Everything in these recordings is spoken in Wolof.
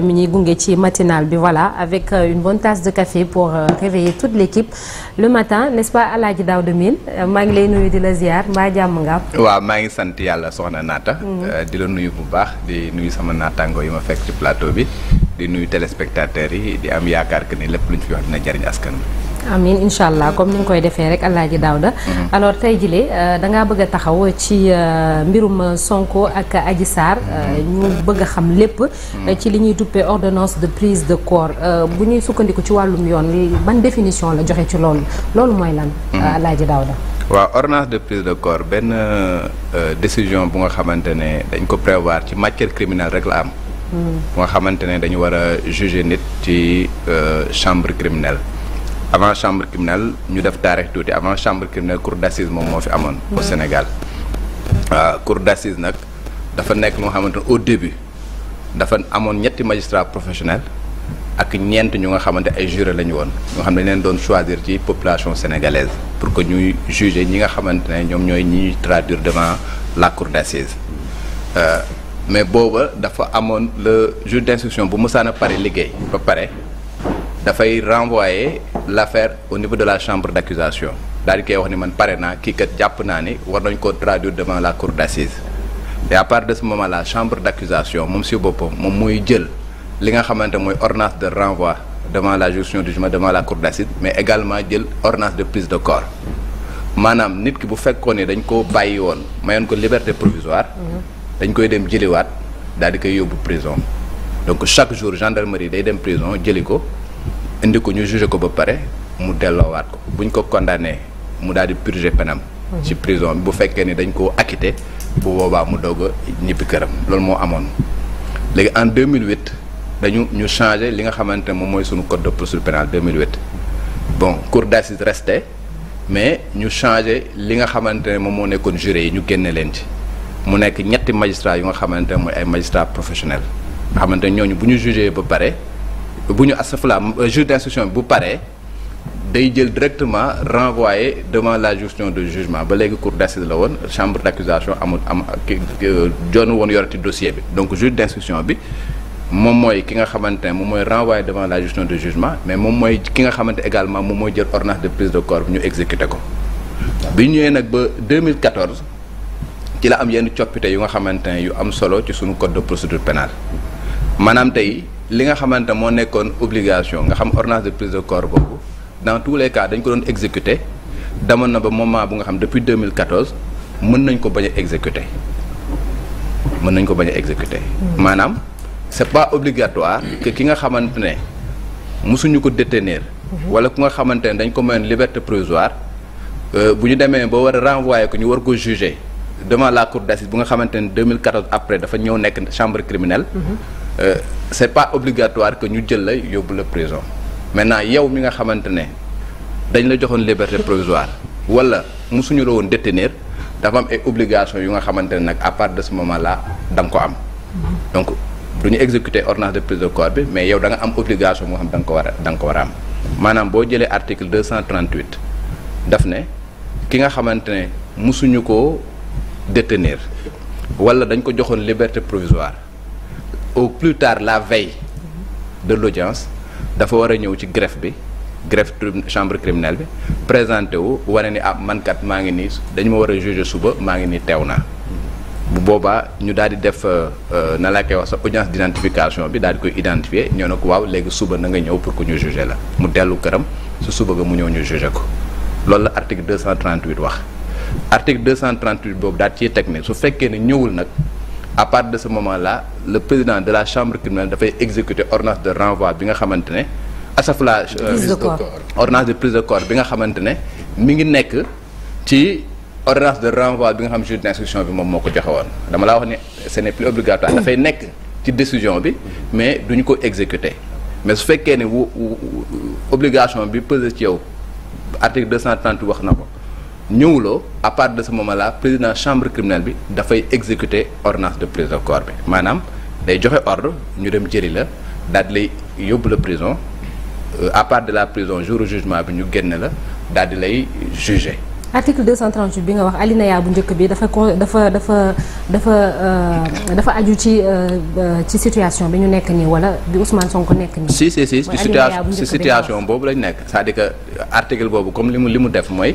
Mini ñuy matinal, ci voilà avec euh, une bonne tasse de café pour euh, réveiller toute l'équipe le matin n'est-ce pas à la Mine euh, maa ngi lay nuyu di la ziar ma jàmm nga waaw maa ngi sant yàlla soxna nata mhm. di la nuyu bu baax di nuyu sama ma fekk ci plateau bi di nuyu téléspectateurs yi di am yaakaar que ni lépp lu ñu fi wax dina amin incha allah comme ni nga koy defee rek Alaaji Daawda mhm. alors tey jile euh, da ngaa bëgg a taxaw ci euh, mbirum Sonko ak aji Sarr mhm. euh, ñu bëgg a xam lépp mhm. ci li ñuy duppee ordonnance de prise de corps bu ñuy sukkandiku ci wàllum yoon ban définition la joxe ci loolu loolu mooy lan Alaaji Daawda waaw ordonnance de prise de corps benn décision bu nga xamante ne dañ ko prévoir ci matière criminelle rek la am bu nga xamante ne dañu war a juger nit ci chambre criminelle avant chambre criminelle ñu def taarix tuuti avant chambre criminelle cour d'assises moom moo au hmm. Sénégal La euh, cour d'assises nak, dafa nekk au début dafa amoon ñetti magistrat professionnel ak ñeent ñu nga xamante ay juré la ñu woon ñoo xam choisir ci population sénégalaise pour que ñuy juger ñi nga xamante ne ñoom ñi traduire devant la cour d'assises euh, mais booba dafa amoon le juge d'instruction bu mësaan a pare liggéey ba pare fait renvoyer l'affaire au niveau de la chambre d'accusation daal di koy wax ni man pare naa kii traduire devant la cour d'assises et à partir de ce moment là chambre d'accusation M. si a moom mooy jël li nga ordonnance de renvoi devant la juridiction du jugement devant la cour d'assises mais également une ordonnance de prise de corps Madame, nit ki bu connaître... ne dañ koo bàyyi woon liberté provisoire dañ koy dem jëliwaat daal di est en prison donc chaque jour gendarmerie day dem prison ko indi ko ñu jugé ko ba paré mu delloowaat ko buñ ko condamné mu dal di purger penam ci mhm. prison bu fekkee ni dañ ko acquitté bu boobaa mu dogo a ñibbi këram loolu moo amoon léegi en 2008 dañu ñu changé li nga xamanté ne moy suñu code de procédure pénale 2008 bon cour d'assises resté mais ñu changé li nga xamanté ne mo moo juré ñu génne leen ci mu nekk ñetti magistrat yu nga xamanté moy ay magistrat professionnel. nga xamante ne ñooñu bu ñu jugé ba paré vous avez juge d'instruction bu directement renvoyé devant la justice de jugement ba cour d'assises la chambre d'accusation a am le dossier Donc le juge d'instruction bi a renvoyé devant la juridiction de jugement mais également l'ordre de prise de corps pour ñu exécuter. 2014 il la a yenn yu solo code de procédure pénale Madame li nga xamante moo une obligation nga xam ordonnance de prise de corps dans tous les cas nous ko doon exécuter demoon na ba moment bu nga xam depuis 2014 nous nañ ko bañ a exécuter mën nañ ko hmm. pas obligatoire que ki nga xamante ne mosuñu ko détenir. Hmm. wala ku nga xamante ne ko une liberté provisoire euh, bu ñu demee ba war a renvoyer ko ñu war juger devant la cour d'assises bu nga xamante 2014 après dafa ñëw nekk chambre criminelle. Hmm. Euh, c'est pas obligatoire que ñu jël la yóbbu la prison maintenant yow mi nga xamante dañ la joxoon liberté provisoire wala musuñu la woon détenir dafa am ay obligation yu nga xamante ne nag à part de ce moment là da ko am donc du ñu exécuter ordonnance de prise de corps mais yow da nga am obligation moo xam dang ko wara a da nga ko war a am maanaam boo jëlee article 238 daf né ki nga xamantene musuñu ko détenir wala dañ ko joxone liberté provisoire au plus tard la veille de l'audience dafa war a ñëw ci greffe bi greffe chambre criminelle bi présenté wu wane ni ah mankat maa ngi nii dañu ma war a juger suba maa ngi nii teew bu boobaa ñu daal def euh, euh, na laa koy sa audience d'identification bi daal di koy identifier ñoo ne ko waaw léegi suba na nga ñëw pour que ñu juger la mu dellu këram su suba ga mu ñëw ñu juger ko loolu article 238 wax article 238 boobu daal ciy teg ne su fekkee ne ñëwul nag à partir de ce moment-là le président de la chambre criminelle a fait exécuter ordonnance de renvoi bi nga xamante euh, de asafla ordonnance de prise de corps bi nga xamante ne mi ngi de renvoi bi nga xam juge d'instruction bi moom moo ce n'est plus obligatoire Il dafay nekk ci décision bi mais il faut exécuter mais ce qui ne wu obligation bi pesé ci yow article 230 wax ñëwuloo à part de ce moment là président chambre criminelle bi dafay exécuter ordonnance de prise de corps bi maanaam joxe ordre ñu dem jëli la daal di lay yóbbu la prison euh, à part de la prison jour jugement bi ñu génne la daal di lay juger. article 238 bi nga wax alinéa bu njëkk bi dafa con dafa dafa dafa euh, dafa aju ci euh, ci situation bi ñu nekk nii wala bi Ousmane Sonko nekk nii. si si si ci situation si situation boobu lañ nekk. c'est-à-dire que article boobu comme li mu li def mooy.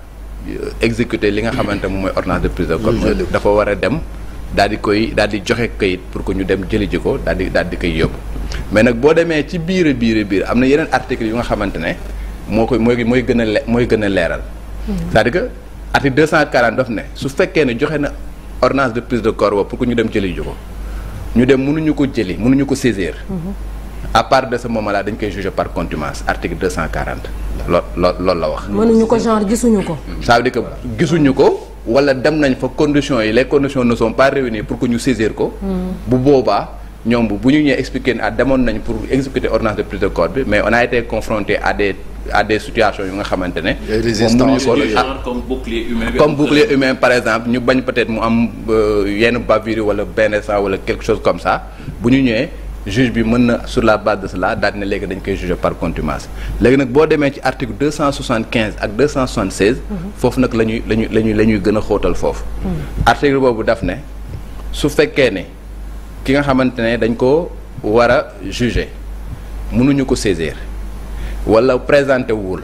exécuter li nga xamante moom mooy ordonnance de prise de corps dafa war a dem daal di koy daal di joxe kayit pour que ñu dem jëli ji ko daal di daal di koy yóbbu mais nag boo demee ci biir biir biir am na yeneen article yu nga xamante ne moo koy mooy gën a le mooy gën a leeral hmm. c'est-à-dire que article 240 daf ne su fekkee ne joxe na ordonnance de prise de corps boobu pour ko ñu dem jëli ji ko ñu dem mënuñu ko jëli mënuñu ko saisir hmm. à part de ce moment là on koy juger par contumace article 240 C'est ce que la wax mënuñu ko genre gisuñu ko ça veut dire que gisuñu ko wala dem nañ fa conditions Et les conditions ne sont pas réunies pour que nous saisir ko hmm. bu nous ñoom bu ñu ñëwee ah, pour exécuter ordonnance de prise de corps mais on a été confronté à des à des situations où nga a ah, comme bouclier humain. par exemple nous bañ peut-être mu am euh, yenn un wala benn sang wala quelque chose comme ça Nous ñu juge bi mën na sur la base de cela daal ne léegi dañ koy juger par contumace léegi nag boo demee ci article 275 ak 276 cent soixante seize. foofu nag la ñuy la ñuy la ñuy la ñuy gën a xóotal foofu. article boobu daf ne su fekkee ne ki nga xamante ne dañ ko war a juger mënuñu ko saisir wala présenté wul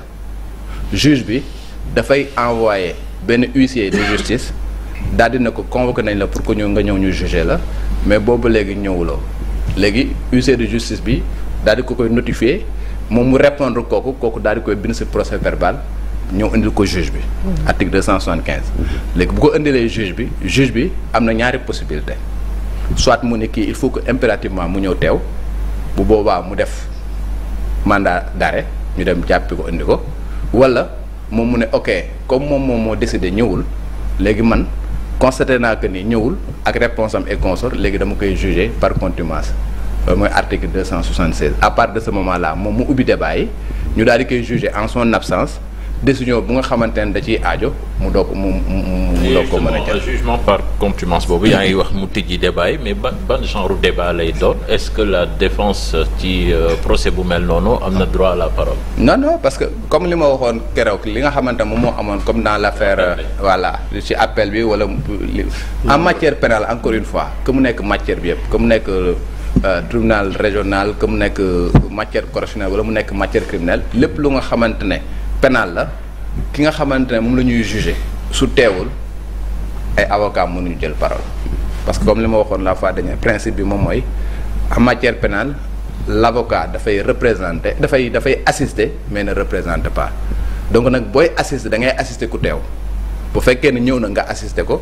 juge bi dafay envoyé benn huissier de justice daal dina ko convoqué nañ la pour que ñëw nga ñëw ñu juger la mais boobu léegi ñëwuloo léegi huissier de justice bi daal di notifier moom répondre kooku kooku daal di koy bind ce procès verbal ñëw indil ko juge bi. Mm-hmm. article 275, le soixante quinze. de mm-hmm. bu ko juge bi juge bi am possibilité soit mu équipe il faut que impérativement mu ñëw teew bu mu def mandat d'arrêt ñu dem jàppi ko indi wala ok comme moom moom décidé ñëwul man constaté que ni ñëwul ak réponse et consort légui dama koy jugé par contumace loolu mooy article 276 à part de ce moment là moom mu ubbi débat yi ñu di juger en son absence décision bu nga xamantene da ci aajo mu doog mu mu ko mën jël jugement par contumance bobu yaa wax mu tijji débat mais ban ban genre débat lay doon est-ce que la défense ci euh, procès bu mel noonu am droit à la parole non non parce que comme li ma waxoon keroog li nga xamantene mo moo comme dans l'affaire voilà ci appel bi wala en matière pénale encore une fois que mu nekk matière bi comme comme mu euh, tribunal régional comme nek euh, matière correctionnelle wala mu nek matière criminelle lepp lu nga xamantene pénal la ki nga xamantene ne moom la ñuy jugé su teewul ay avocat mënu jël parole parce que comme lima waxone la fois dernière principe bi mom moy en matière pénale l'avocat fay représenter da fay assister mais ne représente pas donc nak boy assister da ngay assister ku teew bu fekké ne ñëw na nga assister ko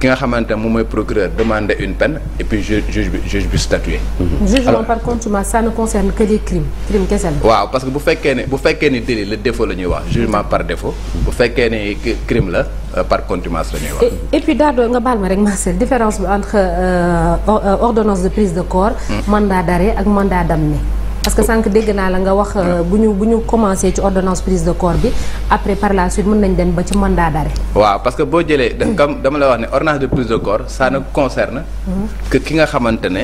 ki nga xamante à mon procureur demander une peine et puis je, juge je, juge mhm. jugement par contumace ça ne concerne que les crimes crimes parce que vous faites ne bu délit le défaut le jugement par défaut bu faites ne crime la euh, par contumace et puis il y nga une ma différence entre euh, euh, ordonnance de prise de corps. Mhm. mandat d'arrêt et mandat d'amener. parce que sànq dégg naa la nga wax euh, bu ñu bu ñu commencé ci ordonnance prise de corps bi après par la suite mën nañ dem ba ci mandat d'arrêt waaw parce que boo jëlee hmm. comme dama la wax ne ordonnance de prise de corps ça ne concerne hmm. ki nga xamante ne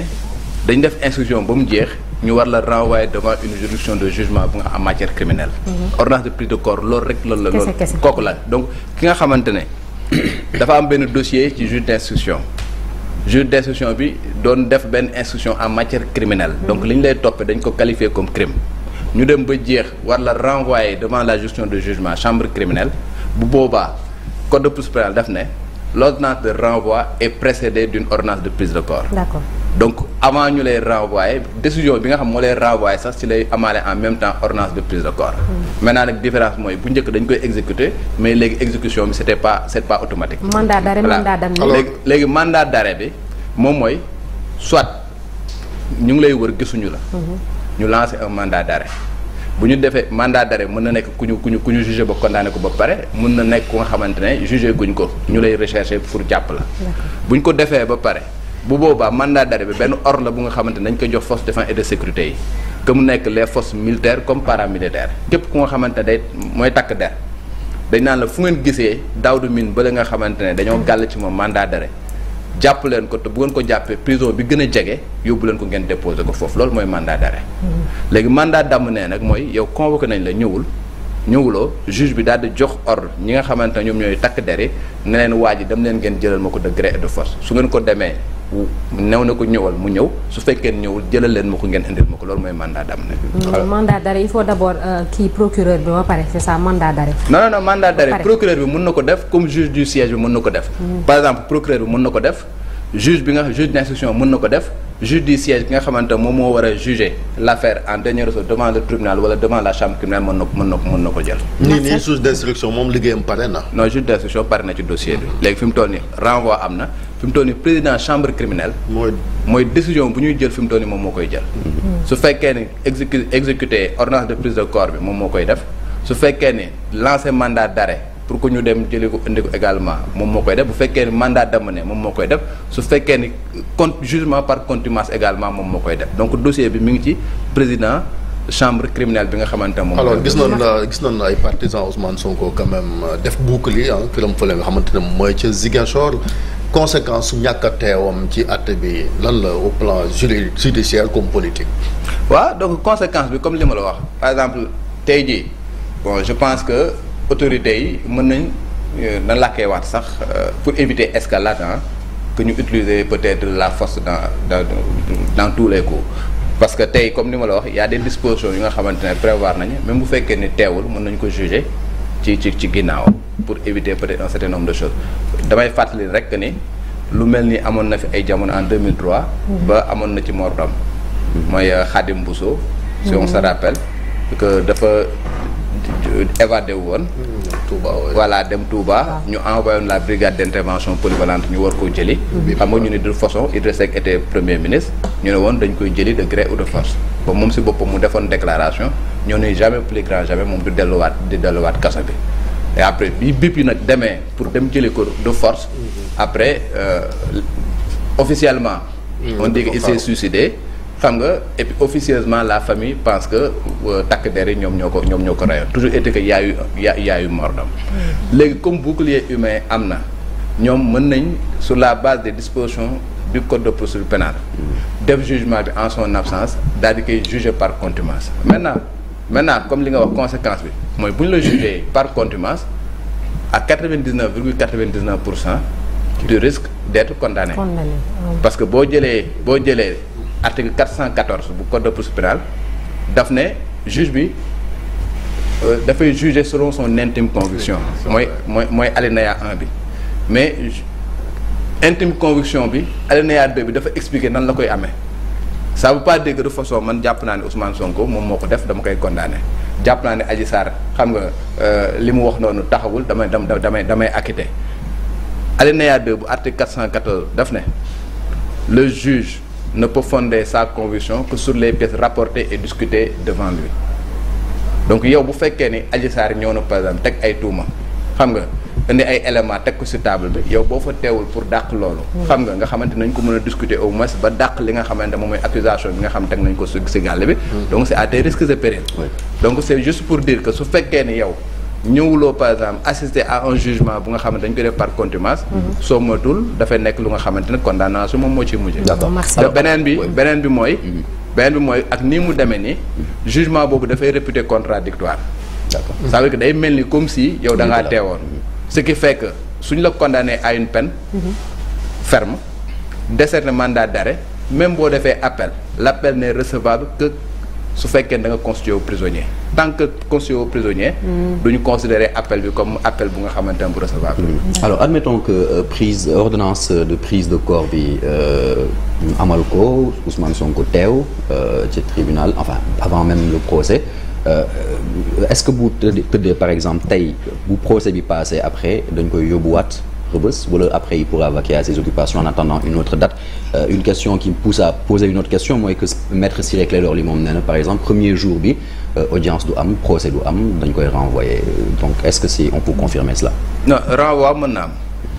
dañ def instruction ba mu jeex ñu war la renvoyer devant une juridiction de jugement bu nga en matière criminelle hmm. ordonnance de prise de corps loolu rek loolu la loolu kooku la donc ki nga xamante ne dafa am benn dossier ci juge d'instruction juge d'instruction bi donne def instruction en matière criminelle donc liñ des lay topé dañ ko comme crime Nous devons dire, jeex war renvoyer devant la gestion de jugement chambre criminelle bu code de procédure l'ordonnance de renvoi est précédée d'une ordonnance de prise de corps d'accord donc avant ñu lay renvoyer décision bi nga xam moo lay renvoyer sax ci lay amaale en même temps ordonnance de prise de corps. Hmm. maintenant nag différence mooy bu njëkk dañ koy exécuter mais léegi exécution bi pas c'était pas automatique. mandat d' mandat d'arrêt. amnistie léegi léegi mandat d' arrêt bi moom soit ñu ngi lay wër gisuñu la. Hmm. ñu lancer un mandat d'arrêt. arrêt bu ñu defee mandat d'arrêt, arrêt mën na nekk ku ñu ku ñu ku ñu jugé ba condamné ko ba pare mën na nekk nga xamante ne guñ ko ñu lay recherché pour jàpp la. bu ñu ko defee ba pare. bu boobaa mandat d'arrêt bi benn ordre la bu nga xamante ne dañ koy jox force défense et de sécurité yi que mu nekk les forces militaires comme paramilitaires képp ku nga xamante day mooy takk der dañ naan la fu ngeen gisee Daouda Mine ba la nga xamante ne dañoo gàll ci moom mandat d'arrêt jàpp leen ko te bu ngeen ko jàppee prison bi gën a jege yóbbu leen ko ngeen déposé ko foofu loolu mooy mandat d'arrêt mm-hmm. léegi mandat d'amener nag mooy yow convoqué nañu la ñëwul ñëwuloo juge bi daal di jox ordre ñi nga xamante ne ñoom ñooy takk deri ne leen waa ji dem leen ngeen jëlal ma ko de gré et de force su ngeen ko demee new na ko ñëwal mu ñëw su fekkee ñëwul jëlal leen ma ko ngeen indil ma ko loolu mooy mandat d'amener. Hmm, mandat d'arrêt il faut d'abord euh, kii procureur bi ba pare c'est ça mandat d'arrêt. non non non mandat d'arrêt procureur bi mën na ko def comme juge du siège bi mën na ko def. Hmm. par exemple procureur bi mën na ko def juge bi nga juge d'instruction mën na ko def judiciaire du nga xamante a juger l'affaire en dernier ressort devant le tribunal wala devant la chambre criminelle mon na mon mën mon ko mën na ko jël. nii nii juge d' instruction na. non juste destruction instruction pare ci dossier bi. léegi fi renvoi amna na fi président chambre criminelle. mooy décision bu ñuy jël fi mu toll nii moom moo koy jël. Mm-hmm. su exécuté ordonnance de prise de corps bi moom collègue ce def su fekkee ni lancer mandat d'arrêt pour que ñu dem ko ko également moom moo koy def bu le ni mandat d'amener moom moo koy def su fekkee ni jugement par contumace également moom moo koy def donc dossier bi mi ngi ci président chambre criminelle bi nga alors gis nañu gis nañu ay partisans Ousmane Sonko quand même euh, def bouclier ah këram fële nga xamante ne mooy ca Conséquences conséquence su ñàkk a teewam ci lan la au plan judiciaire comme politique. waaw donc conséquence bi comme je ma la wax par exemple Teddy. bon je pense que. autorité yi mën nañ euh, na làkkee waat sax euh, pour éviter escalade ah que ñu utiliser peut-être la force dans dans dans tous les coups parce que tey comme ni ma la wax y a des yu nga xamante ne prévoir nañu même bu fekkee ni teewul mën nañ ko juger ci ci ci ginnaaw pour éviter peut-être un certain nombre de choses damay fàttali rek ni lu mel ni amoon na fi ay jamono en 2003. Mm-hmm. ba amoon na ci Mor Dam mooy euh, Khadim Bousso. si on se mm-hmm. rappelle que dafa. évadé woon. Touba voilà dem Touba. ñu envoyé woon la brigade d'intervention polyvalente ñu war ko jëli. xam nga ñu de façon Idriss Seck était premier ministre. ñu avons woon dañ koy jëli de gré ou de force. bon mom si boppam mu defoon déclaration nous n'avons jamais plus grand jamais mom du delluwaat di delluwaat kassa bi. et après bi bippi nak démé pour dem jëli ko de force. Mhm. après euh, officiellement. Mhm. on dit qu'il s'est suicidé et puis officieusement la famille pense que euh, tac der yi ñoom ñoo toujours été il y a eu comme bouclier humain sur la base des dispositions du code de procédure pénale def jugement en son absence daal di par contumace maintenant maintenant comme li nga wax conséquence bi mooy bu le par contumace à 99,99% de risque d'être condamné. Ah parce que si vous le délai article 414 du code de procédure pénale daf juge bi euh, dafay juger selon son intime conviction moy moy moy alinéa 1 bi mais intime conviction bi alinéa 2 bi dafa expliquer nan la koy amé ça veut pas dire que de façon man japp na ne Ousmane Sonko mom moko def dama koy condamner japp na ne Adji Sarr xam nga euh limu wax noonu taxawul dama dama dama acquitter alinéa 2 bu article 414 daf le juge ne peut fonder sa conviction que sur les pièces rapportées et discutées devant lui donc yow bu fekkee ni Adji Sarr ñëw na par exemple teg ay tuuma xam nga indi ay éléments teg ko ci table bi yow boo fa teewul pour dàq loolu. xam nga nga xamante nañ ko mën a discuter au moins ba dàq li nga xamante moom mooy accusation bi nga xam teg nañ ko ci gàll bi. donc c'est à tes risques et périls. donc c'est juste pour dire que su fekkee ni yow nous par exemple assister à un jugement bu nga xamante dañ ko def par contumace. Mhm. soo moytul dafay nekk lu nga xamante condamnation moom moo ciy mujj. d'accord te beneen bi beneen bi mooy. Mhm. beneen bi mooy ak nii mu demee nii mhm. jugement boobu dafay réputé contradictoire d'accord ça veut dire que day mel comme si yow da ngaa teewoon. ce qui fait que suñ la condamné à une peine. ferme décerne mandat d'arrêt même avez fait appel l'appel n'est recevable que su fekkee da nga constitué wu prisonnier tant que conseiller prisonnier nous mm. nous considérer appel comme appel pour nga xamante mm. Mm. alors admettons que l'ordonnance euh, prise ordonnance de prise de corps bi euh, amal Ousmane Sonko euh, tribunal enfin avant même le procès euh, est-ce que vous par exemple vous procédez procès bi passé après dañ koy Rebus, après il pourra vaquer à ses occupations en attendant une autre date. Euh, une question qui me pousse à poser une autre question moi, est que maître Ciré Clédor Ly par exemple premier jour bi euh, audience du am procès du donc il koy renvoyer donc est-ce que c'est, on peut confirmer cela non renvoi na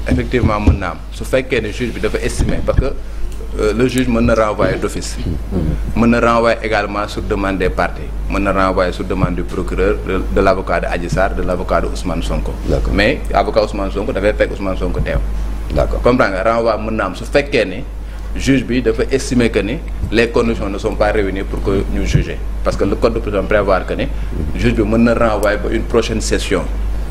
effectivement ce na fait su que ne juge bi estimer parce que euh, le juge me renvoie d'office Me renvoie également sur demande des parties Me renvoie sur demande du procureur de, l'avocat de Adji de l'avocat de Ousmane Sonko mais l'avocat Ousmane Sonko dafay fekk Ousmane Sonko d'accord comprends Renvoie renvoi me na am su juge bi estimer que les conditions ne sont pas réunies pour que nous juger parce que le code de procédure prévoit que le juge me renvoie pour une prochaine session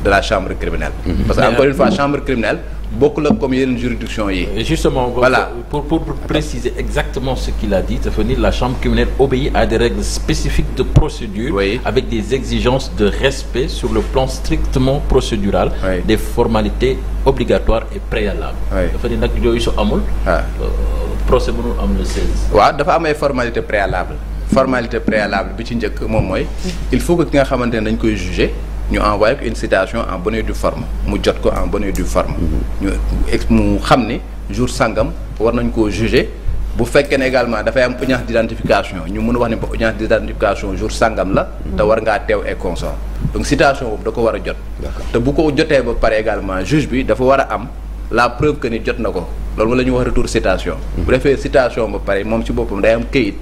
de la chambre criminelle mhm. parce qu'encore une fois la euh, chambre criminelle beaucoup de comme une juridiction justement voilà pour pour préciser exactement ce qu'il a dit la chambre criminelle obéit à des règles spécifiques de procédure. avec des exigences de respect sur le plan strictement procédural. des formalités obligatoires et préalables. Ah. Euh, dafa faut que amul. procès formalités préalables formalité préalable il faut que tu nga un juger nous envoyons une citation en bonne et due forme mu jot ko en bonne et due forme. nous mmh. ex mu jour sangam war nous juger vous faites également dafay am d'identification ñu wax d'identification jour sangam la. d'avoir mmh. war et donc citation boobu da ko également juge bi la preuve que ni jot nous la retour citation. Mmh. bu citation pare ci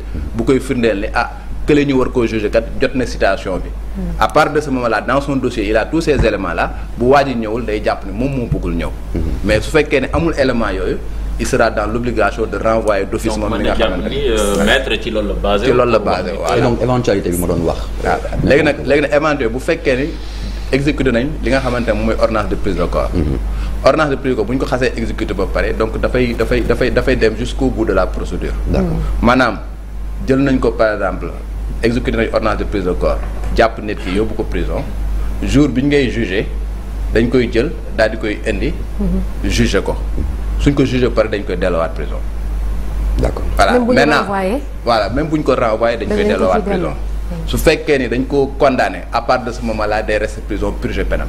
que ñu war koo jugé kat jot na citation bi. Hmm. à part de ce moment là dans son dossier il a tous ces éléments là bu waaj ñëwul day jàpp ne moom moo bëggul ñëw. Hmm. mais su fekkee ne amul élément yooyu. il sera dans l'obligation de renvoyer d'office mon ami euh, maître ci loolu la basé ci loolu basé waaw donc éventualité bi ma doon wax waaw ah. léegi nag léegi nag éventualité bu fekkee ni exécuté nañ li nga xamante ne ordonnance de prise de corps hmm. ordonnance de prise de corps bu ñu ko xasee exécuté ba pare donc dafay dafay dafay dafay dem jusqu'au bout de la procédure maanaam jël nañ ko par exemple exécuter une ordonnance de prise de corps ki prison jour où il ngay jugé dañ koy jël daal di koy indi. Mhm. jugé ko suñ ko jugé par dañ koy prison. D'accord. voilà même si vous renvoyé voilà même prison su fait ni dañ condamné à partir de ce moment là day reste prison purgé penam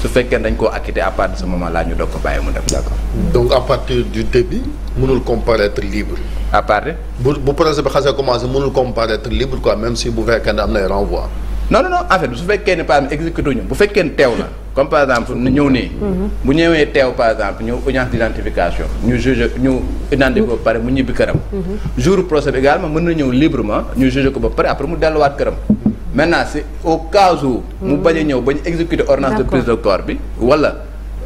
su fekkee ni dañ mhm. acquitté à partir de ce moment là nous ne ko pas mu d'accord mhm. donc à partir du début mënul comparaître libre. à part Vous pensez que bi xasee commencé mënul comparaître libre quoi même si vous fekkee ne am renvoi. non non non en fait su fekkee ne par pas exécuté vous bu pouvez pas teew comme par exemple nous sommes, nous mhm. bu ñëwee teew par exemple nous audience d' identification ñu juge ñu identifié ko ba nous mu ñibbi këram. Mhm. jour procès également nous na ñëw librement ñu juge ko ba pare après mu delluwaat këram. maintenant c'est au cas où. mu mhm. bañ a ñëw exécuter ordonnance de prise de corps bi. wala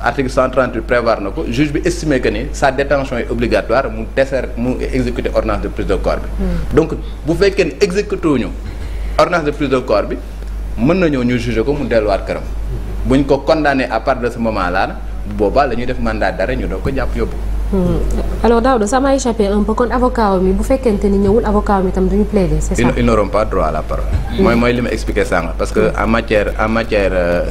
article 138 prévoir le juge bi estimé que sa détention est obligatoire mu deser mu exécuter ordonnance de prise de corps bi. donc bu faites ne exécuté wuñu ordonnance de prise de corps bi mën na ñëw ñu juge ko mu delluwaat këram buñ ko condamné à part de ce moment là bu lañu def mandat d'arrêt ñu do ko jàpp yóbbu. Hmm. alors Daouda ça m'a échappé un peu kon avocat mi bu fekkente ni ñëwul avocat mi tam duñu plaider c'est ça. ils n'auront pas droit à la parole. Hmm. Moi, mooy li ma expliqué parce que en matière en matière. Euh,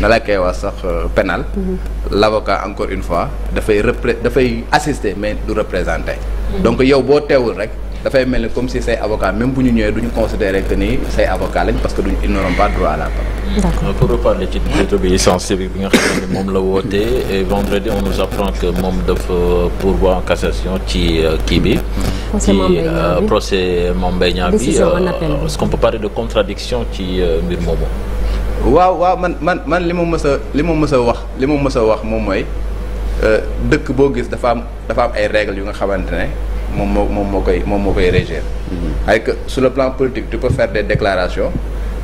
na la wax sax euh, pénal hmm. l'avocat encore une fois dafay da fay assister mais du représenter donc yow bo teewul rek dafay mel ni comme si say avocat même buñu ñëwé duñu considérer que ni say avocat lañ parce que duñ ils pas droit à la parole. d'accord pour reparler ci désobéissance civique bi nga xamné mom la woté et vendredi on nous apprend que mom def pourvoi en cassation ci euh, kii bi. ci euh, procès Mame Mbaye euh, est-ce qu'on peut parler de contradiction ci mbir moomu. waaw waaw man man man li ma mës a li ma mës wax mom moy euh dëkk boo gis dafa am dafa am ay règles yu nga xamante ne moom moo moom moo mm-hmm. que sur le plan politique tu peux faire des déclarations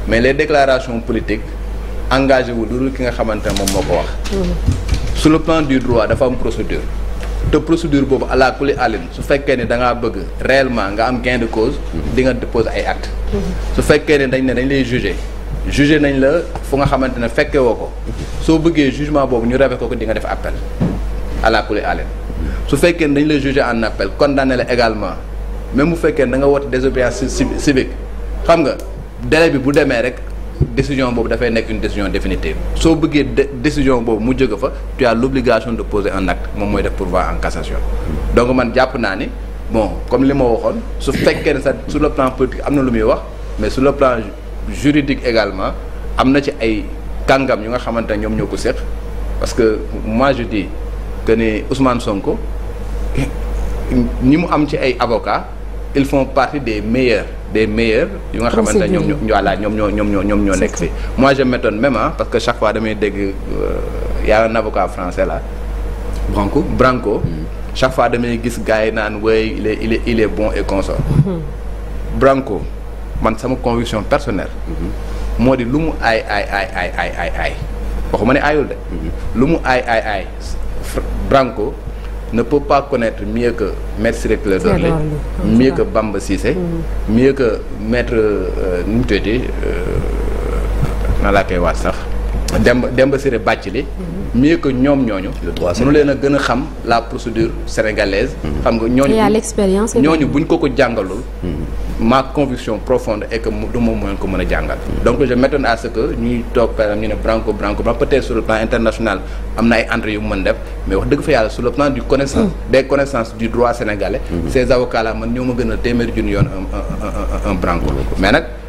mais les déclarations politiques engagé vous dul ki nga xamante ne moom moo ko mm-hmm. sur le plan du droit dafa am procédure. de procédure boobu ala kulli alin su fekkee ne da ngaa bëgg réellement nga am gain de cause. Mm-hmm. di nga déposer ay actes. su fekkee ne dañ ne dañ lay juger. jugé nañ la fu nga xamante ne fekke woo ko jugement boobu ñu rafet ko ko di nga def appel ala kulli si vous ne le juger en appel condamné le également même si vous nous avons des woote civiques. civique xam le délai bi décision n'est qu'une une décision définitive Si vous décision une décision, tu as l'obligation de poser un acte pour mooy en cassation donc je bon comme je l'ai dit, si sur le plan politique am lu mais sur le plan juridique également nous avons ci ay parce que moi je dis que ne Ousmane Sonko ni mu am ci ay avocats ils font partie des meilleurs des meilleurs yu nga xamante ne ñoom ñoo ñom ñoom ñoo ñom ñoo ñoo fi moi je m'étonne même hein, parce que chaque fois damay dégg euh, y a un avocat français là Branco Branco mm. chaque fois damay gis gars yi naan way il est il est il est bon et consort mm-hmm. Branco man sama conviction personnelle mm-hmm. moo di lu mu ay ay ay ay ay ay waxuma ne ayul de mm-hmm. lu mu ay ay ay Branco ne peut pas connaître mieux que M. Ciré mieux que Bamba Cissé mm-hmm. mieux que Maître Ntede euh, nala tuddati euh, na laa mm-hmm. mieux que Nyom Nyonyo. Nous les la procédure sénégalaise mm-hmm. xam nga ñooñu ñooñu buñ ko ko ma conviction profonde est que nous que donc je m'attends à ce que nous branco branco peut-être sur le plan international amna ay mais sur le plan du connaissance. Mm. des connaissances du droit sénégalais. Mm-hmm. ces avocats là nous un mm-hmm.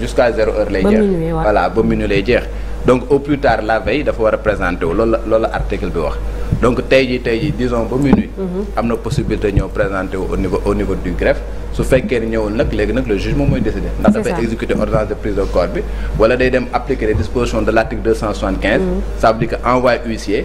jusqu'à 0 heure les jours. voilà bon minuit les jours. donc au plus tard la veille il faut représenter l'article de loolu donc tey jii tey disons ba minuit mhm. am possibilité de présenter au niveau au niveau du greffe su fait ni ñëwul a le jugement est décidé Il ndax exécuter ordonnance de prise de corps Voilà, wala appliquer les dispositions de l'article 275 mhm. ça veut dire que huissier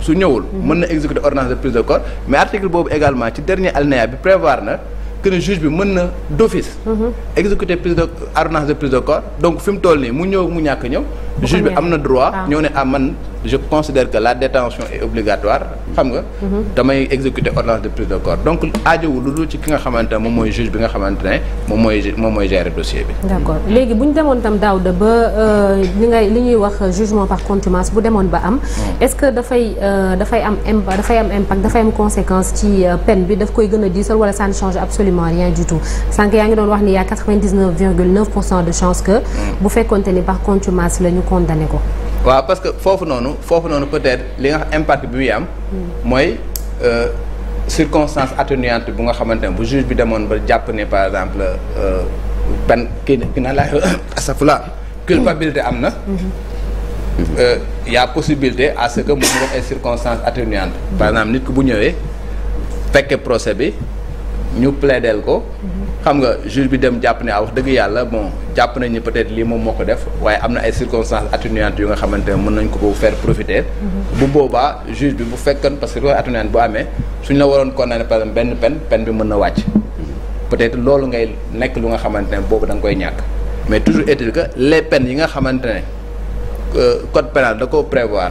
su ñëwul mën na exécuter ordonnance de prise de corps mais article boobu également ci dernier alinéa bi prévoir na que ne juge bi mën na d'office exécuter prise de ordonnance de prise de corps donc fi mu toll nii mu ñëw mu ñàkk ñëw juge bi am na droit ñëw ne ah man je considère que la détention est obligatoire xam nga mhm. exécuter ordonnance de prise de corps donc à lu juge dossier d'accord, euh, jugement par contumace hmm. est ce que euh, am impact conséquence euh, peine ça ne change absolument rien du tout Il y' a 99,9% de chances que vous hmm. faites contenir par contumace le condamné waaw parce que fofu noonu fofu noonu peut-être li nga impact bi muy am. Hmm. euh circonstance atténuante bu nga xamantene bu juge bi demoon ba jàpp ne par exemple euh, benn kii na kii na laay asafula culpabilité euh il y a possibilité à ce que mu def ay circonstances atténuantes. Hmm. par exemple nit ko bu ñëwé fekke procès bi ñu plaidel ko. Hmm xam nga juge bi dem jàpp ne ah wax dëgg yàlla bon jàpp nañ ni peut-être lii moom moo ko def waaye am na ay circonstances atténuantes yu nga xamante ne mën nañ ko ko faire profiter. Mm-hmm. bu boobaa juge bi bu fekkoon parce que loolu atténuante bu amee suñ la waroon condamné par exemple benn peine peine bi mën na wàcc. Mm-hmm. peut-être loolu ngay nekk lu nga xamante ne boobu da nga koy ñàkk mais toujours est que les peines yi nga xamante ne euh, code pénal da koo prévoir.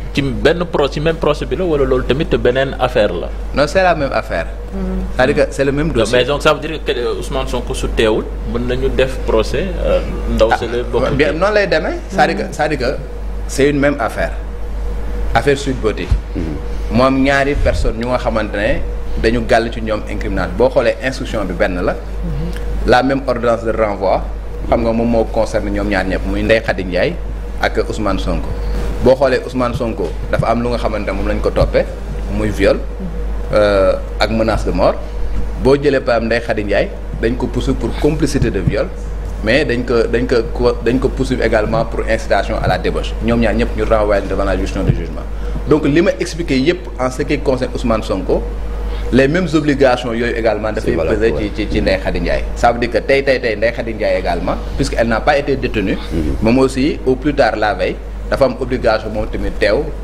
ci benn pro même procès bi la wala loolu tamit beneen affaire là. non c'est la même affaire. Mm. c'est-à-dire que le même dossier. mais donc ça veut dire que euh, Ousmane Sonko sous teewul Ben nous def procès euh, ndaw si Non ah, bokk. bien lay demee. Mm. cest veut dire ça cest dire que une même affaire affaire suite Beauté. Mm. moom ñaari personne ñu nga ben nous dañu une ci incriminable. Bon, quoi les instruction bi benn la. Mm-hmm. la même ordonnance de renvoi. xam nga moom moo concerné ñoom ñaar ñëpp muy Ndeye Khady Ndiaye ak Ousmane Sonko bo Ousmane Sonko dafa am lu nga xamante mom lañ ko topé muy viol euh, ak menace de mort jëlé pa am Ndeye Khady Ndiaye dañ ko pousser pour complicité de viol mais dañ ko dañ ko dañ ko également pour incitation à la débauche ñom ñaar ñep ñu devant la justice de jugement donc lima expliquer expliqué en ce qui concerne Ousmane Sonko les mêmes obligations yoy également dafay peser ci ci ci ça veut dire que tay tay tay Ndeye également puisqu'elle n'a pas été détenue mom mm-hmm. aussi au plus tard la veille dafa am obligation moom tamit teew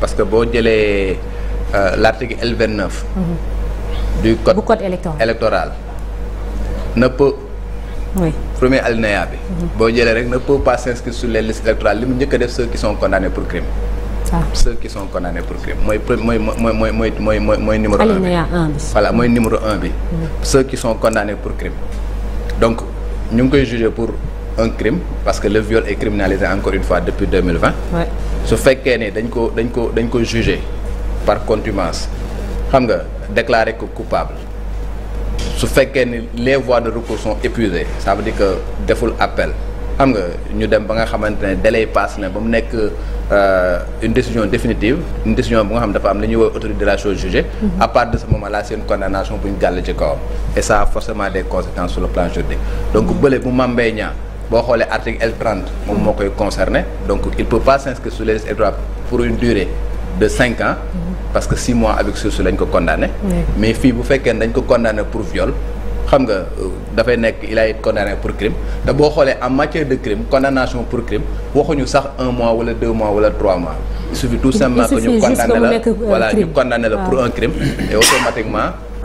parce que euh, l'article L29 mhm. du code, électoral, ne peut oui. premier alinéa mhm. ne peut pas s'inscrire sur les listes électorales il ne ceux qui sont condamnés pour crime ah. ceux qui sont condamnés pour crime Moi, moi, numéro 1. voilà moi numéro un mhm. ceux qui sont condamnés pour crime donc nous pouvons koy juger pour un crime parce que le viol est criminalisé encore une fois depuis 2020 ce fait qu'il est ko jugé par contumace déclaré coupable ce fait que les voies de recours sont épuisées ça veut dire que des appel xam nga ñu dem délai de passe na ba euh, une décision définitive une décision bu nga avons dafa am de la chose jugée. Mhm. à part de ce moment là c'est une condamnation pour une galère de corps. et ça a forcément des conséquences sur le plan juridique donc vous bu vous boo xoolee article L30 moom moo koy concerné donc il peut pas s'inscrire sous les droits pour une durée de 5 ans parce que 6 mois avec sursis lañ ko condamné mais si bu faites qu'il dañ ko condamné pour viol xam nga euh, il a été condamné pour crime D'abord, en matière de crime condamnation pour crime waxuñu sax un mois wala deux mois wala trois mois il suffit tout simplement que ñu condamné euh, voilà ñu condamné la pour ah. un crime et automatiquement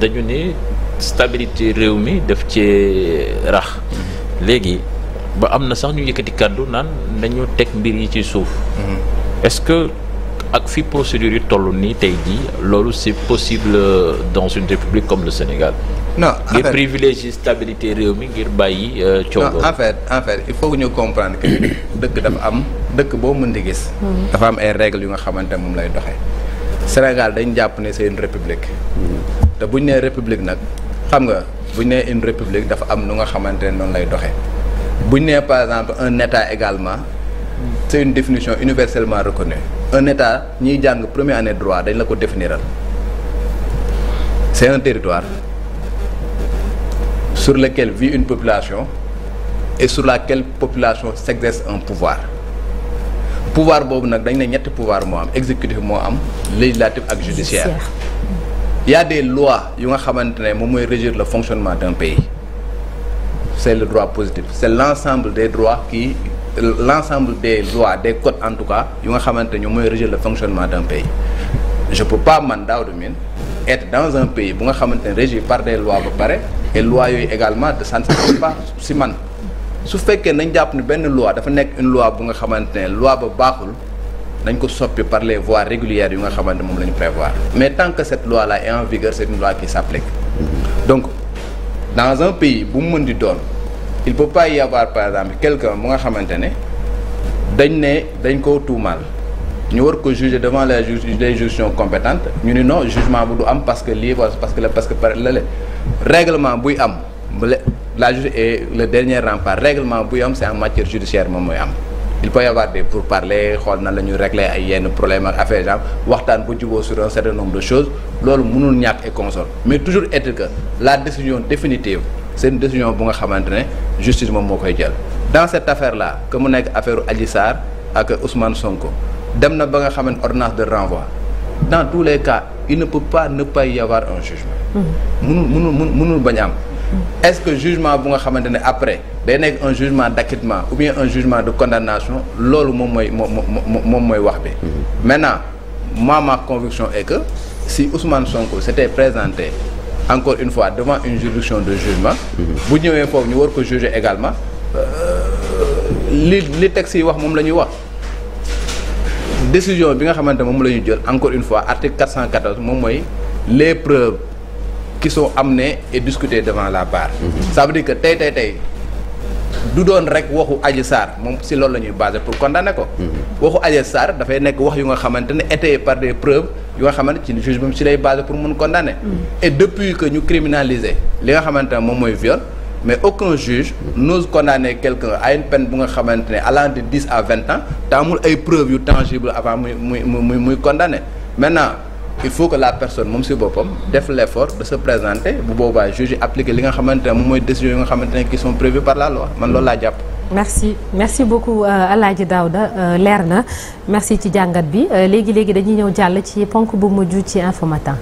dañu ne stabilité réew def ci rax légui ba amna sax ñu yëkëti kàddu naan dañu tek mbir yi ci suuf mhm. est-ce que ak fi procédure yi tollu ni tay di lolu c'est possible dans une république comme le Sénégal non les privilégier stabilité réew ngir bayyi coow euh, non en fait en fait il faut que ñu comprendre que dëkk dafa am dëkk bo mën di gis mhm. dafa am ay règles yu nga xamante moom lay doxé Sénégal dañ japp né c'est une république mhm. Si buñ une république nag xam nga buñ une république dafa am par exemple un état également c'est une définition universellement reconnue un état avons le premier année droit dañ la c'est un territoire sur lequel vit une population et sur laquelle population s'exerce un pouvoir pouvoir est un dañ pouvoir exécutif législatif et judiciaire y a des lois qui nga régir le fonctionnement d'un pays c'est le droit positif c'est l'ensemble des droits qui l'ensemble des lois des codes en tout cas qui nga régir le fonctionnement d'un pays je ne peux pas mandat être dans un pays bu nga régi par des lois pareilles et lois également de ça ne s'applique pas si man su fekkee nañ jàpp ne une loi dafa une loi bu nga xamante loi ba baaxul dañ ko soppi par les voies régulières yu nga xamante moom la prévoir mais tant que cette loi là est en vigueur c'est une loi qui s'applique mm-hmm. donc dans un pays bu mu mën di doon il peut pas y avoir par exemple quelqu'un bu nga xamante ne dañ ne dañ ko tuumaal ñu war ko juger devant les juges les juridictions compétentes ñu ni non jugement bu du am parce que lii parce que parce que par lale règlement buy am la juge est le dernier rempart règlement buy am c'est en matière judiciaire moom mooy am il peut y avoir des pourparlers xool na régler ay problèmes problème affaire genre sur un certain nombre de choses loolu mënul ñàkk et consort mais toujours être que la décision définitive c'est une décision que nga xamante justice moom moo dans cette affaire là comme on l'affaire affaire avec Ousmane Sonko nous avons ba ordonnance de renvoi dans tous les cas il ne peut pas ne pas y avoir un jugement mmh. mënul mënul mënul bañ est-ce que le jugement après un jugement d'acquittement ou bien un jugement de condamnation C'est ce que je veux dire. maintenant moi ma conviction est que si Ousmane Sonko s'était présenté encore une fois devant une juridiction de jugement mhm. bu on foofu ñu war ko juger également euh, li li texte wax moom la décision bi nga encore une fois article 414 les preuves qui sont amenés et discutés devant la barre. Ça veut dire que tay tay tay, du doon rek waxu Adji Sarr mom si loolu lañuy basé pour condamner ko. waxu Adji Sarr fay nek wax yu nga xamante par des preuves yu nga xamante ci juge même si basé pour nous condamner. et depuis que nous criminaliser li nga xamante mom moy viol. mais aucun juge n'ose condamner quelqu'un à une peine bu nga xamante allant de 10 à 20 ans dans amul ay preuves yu tangibles avant muy muy muy condamner maintenant il faut que la personne même si bopam def l'effort de se présenter bu boba juge appliquer li nga xamantene ne moom décision nga xamantene qui sont prévues par la loi man loolu la japp merci merci beaucoup euh, aladji Daouda euh, leer na merci ci jàngat bi légui euh, légui dañuy ñew jall ci ponk bu mujju ci Infos Matin.